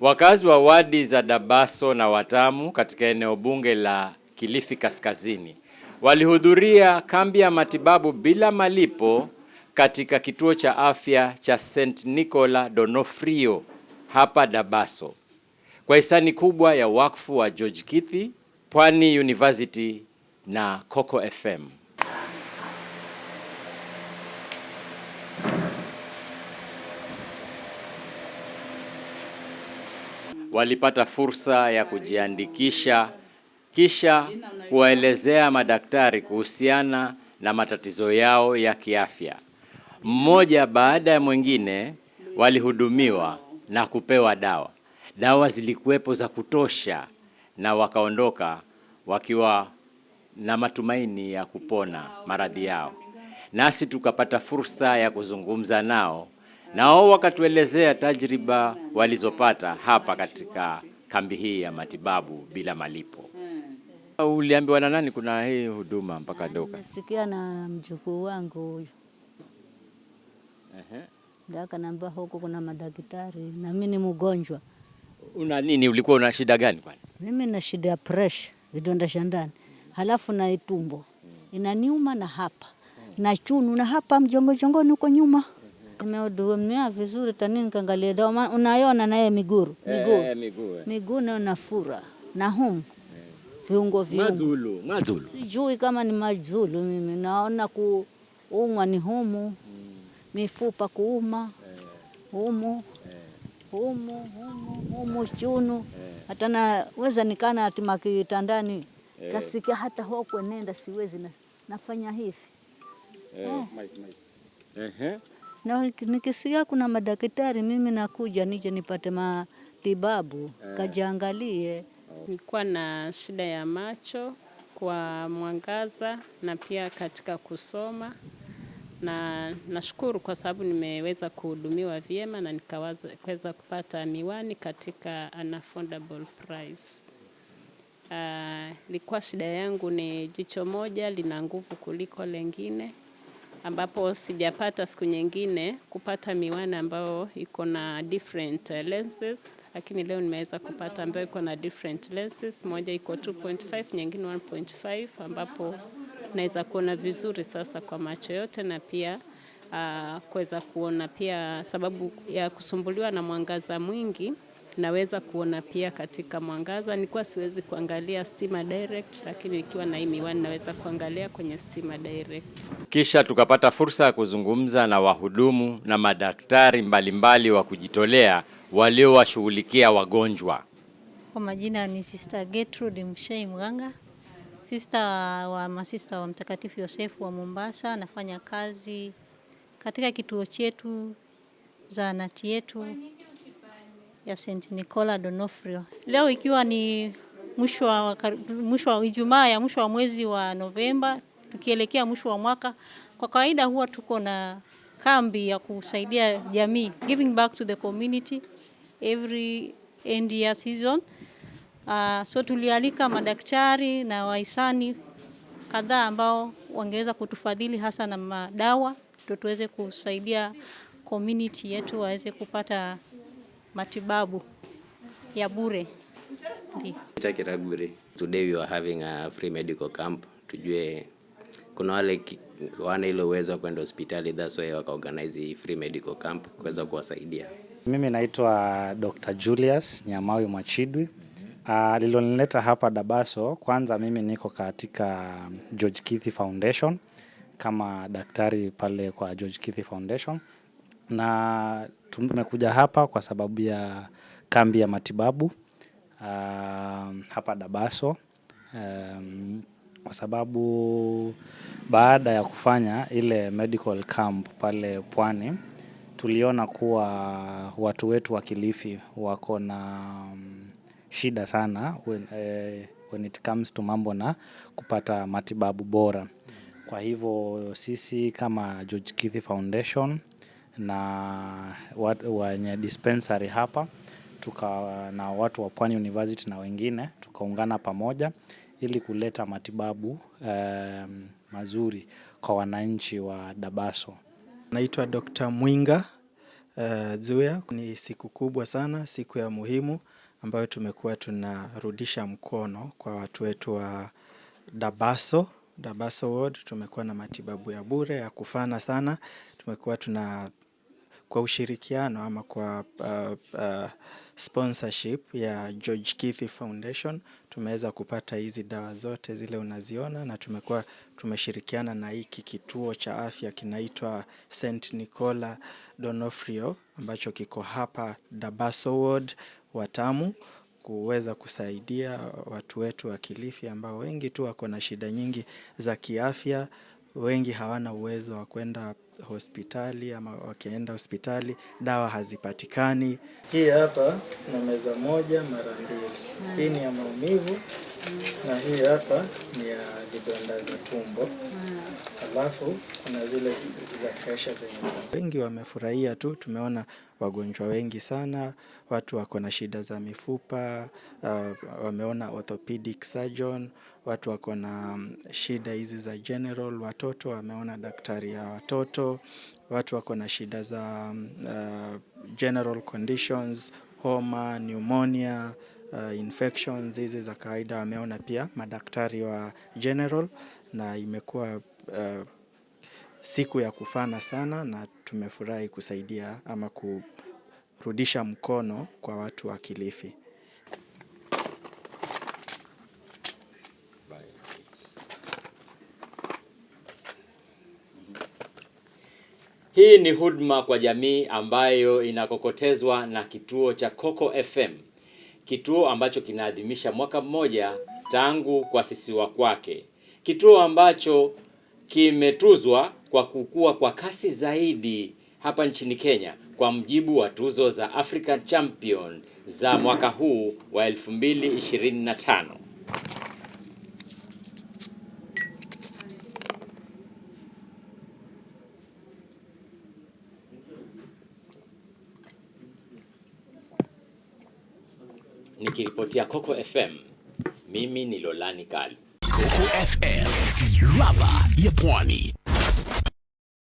Wakazi wa wadi za Dabaso na Watamu katika eneo bunge la Kilifi Kaskazini walihudhuria kambi ya matibabu bila malipo katika kituo cha afya cha St. Nicola Donofrio hapa Dabaso kwa hisani kubwa ya wakfu wa George Kithi, Pwani University na Coco FM. walipata fursa ya kujiandikisha, kisha kuwaelezea madaktari kuhusiana na matatizo yao ya kiafya. Mmoja baada ya mwingine walihudumiwa na kupewa dawa. Dawa zilikuwepo za kutosha, na wakaondoka wakiwa na matumaini ya kupona maradhi yao. Nasi tukapata fursa ya kuzungumza nao na wao wakatuelezea tajriba walizopata hapa katika kambi hii ya matibabu bila malipo. Uliambiwa na nani kuna hii huduma mpaka ndoka? Nasikia na mjukuu wangu huyo ndakanaambia huko kuna madaktari, na mimi ni mgonjwa. Una nini? Ulikuwa una shida gani kwani? Mimi na shida ya pressure, vidonda vya ndani, halafu na itumbo hmm. inaniuma, na hapa na chunu, na hapa mjongojongoni huko nyuma Nimehudumia vizuri tani, nikaangalia dawa unayona naye eh, miguu eh, miguu eh, miguu nayo nafura na humu e. Eh. viungo viungo mazulu mazulu, sijui kama ni mazulu. Mimi naona kuumwa ni humu mm, mifupa kuuma e. humu e. humu humu humu chunu e. hata naweza nikana atima kitandani e. kasikia hata hokwe nenda siwezi na, nafanya hivi e. e. e na nikisikia kuna madaktari, mimi nakuja nije nipate matibabu yeah. Kajiangalie. Nilikuwa na shida ya macho kwa mwangaza na pia katika kusoma, na nashukuru kwa sababu nimeweza kuhudumiwa vyema na nikaweza kupata miwani katika an affordable price. Uh, shida yangu ni jicho moja lina nguvu kuliko lengine ambapo sijapata siku nyingine kupata miwani ambayo iko na different eh, lenses, lakini leo nimeweza kupata ambayo iko na different lenses. Moja iko 2.5, nyingine 1.5, ambapo naweza kuona vizuri sasa kwa macho yote na pia uh, kuweza kuona pia, sababu ya kusumbuliwa na mwangaza mwingi naweza kuona pia katika mwangaza. Nilikuwa siwezi kuangalia stima direct, lakini nikiwa na hii miwani naweza kuangalia kwenye stima direct. Kisha tukapata fursa ya kuzungumza na wahudumu na madaktari mbalimbali wa kujitolea waliowashughulikia wagonjwa. Kwa majina ni Sister Gertrude Mshei Mganga, sista wa masista wa Mtakatifu Yosefu wa Mombasa. Anafanya kazi katika kituo chetu zahanati yetu ya St. Nicola Donofrio. Leo ikiwa ni mwisho wa mwisho wa Ijumaa ya mwisho wa mwezi wa Novemba tukielekea mwisho wa mwaka, kwa kawaida huwa tuko na kambi ya kusaidia jamii, giving back to the community every end year season. Uh, so tulialika madaktari na wahisani kadhaa ambao wangeweza kutufadhili hasa na madawa, ndio tuweze kusaidia community yetu waweze kupata matibabu ya bure. Chakira bure. Today we are having a free medical camp. Tujue kuna wale wana ile uwezo kwenda hospitali, that's why organize free medical camp kuweza kuwasaidia. Mimi naitwa Dr. Julius Nyamawi Mwachidwi. Uh, ah, lilonileta hapa Dabaso, kwanza mimi niko katika George Kithi Foundation kama daktari pale kwa George Kithi Foundation na tumekuja hapa kwa sababu ya kambi ya matibabu ah, hapa Dabaso kwa sababu baada ya kufanya ile medical camp pale Pwani, tuliona kuwa watu wetu wa Kilifi wako na mm, shida sana when, uh, when it comes to mambo na kupata matibabu bora. Kwa hivyo sisi kama George Kithi Foundation na wenye dispensary hapa tuka, na watu wa Pwani University na wengine tukaungana pamoja ili kuleta matibabu eh, mazuri kwa wananchi wa Dabaso. Naitwa Dr. Mwinga uh, Zuya. Ni siku kubwa sana, siku ya muhimu ambayo tumekuwa tunarudisha mkono kwa watu wetu wa Dabaso Dabaso Ward. Tumekuwa na matibabu ya bure ya kufana sana, tumekuwa tuna kwa ushirikiano ama kwa uh, uh, sponsorship ya George Kithi Foundation tumeweza kupata hizi dawa zote zile unaziona, na tumekuwa tumeshirikiana na hiki kituo cha afya kinaitwa St Nicola Donofrio ambacho kiko hapa Dabaso Ward Watamu kuweza kusaidia watu wetu wa Kilifi ambao wengi tu wako na shida nyingi za kiafya wengi hawana uwezo wa kwenda hospitali ama wakienda hospitali dawa hazipatikani. Hii hapa na meza moja mara mbili. Hii ni ya maumivu na hii hapa ni ya vidonda za tumbo alafu kuna zile za kesha zenye wengi wamefurahia tu. Tumeona wagonjwa wengi sana, watu wako na shida za mifupa uh, wameona orthopedic surgeon, watu wako na um, shida hizi za general, watoto wameona daktari ya watoto, watu wako na shida za um, uh, general conditions, homa, pneumonia uh, infections hizi za kawaida wameona pia madaktari wa general, na imekuwa uh, siku ya kufana sana, na tumefurahi kusaidia ama kurudisha mkono kwa watu wa Kilifi. Hii ni huduma kwa jamii ambayo inakokotezwa na kituo cha Coco FM kituo ambacho kinaadhimisha mwaka mmoja tangu kuasisiwa kwake, kituo ambacho kimetuzwa kwa kukua kwa kasi zaidi hapa nchini Kenya kwa mjibu wa tuzo za African Champion za mwaka huu wa 2025. nikiripotia Coco FM, mimi ni Lolani Kali, Coco FM, ladha ya Pwani.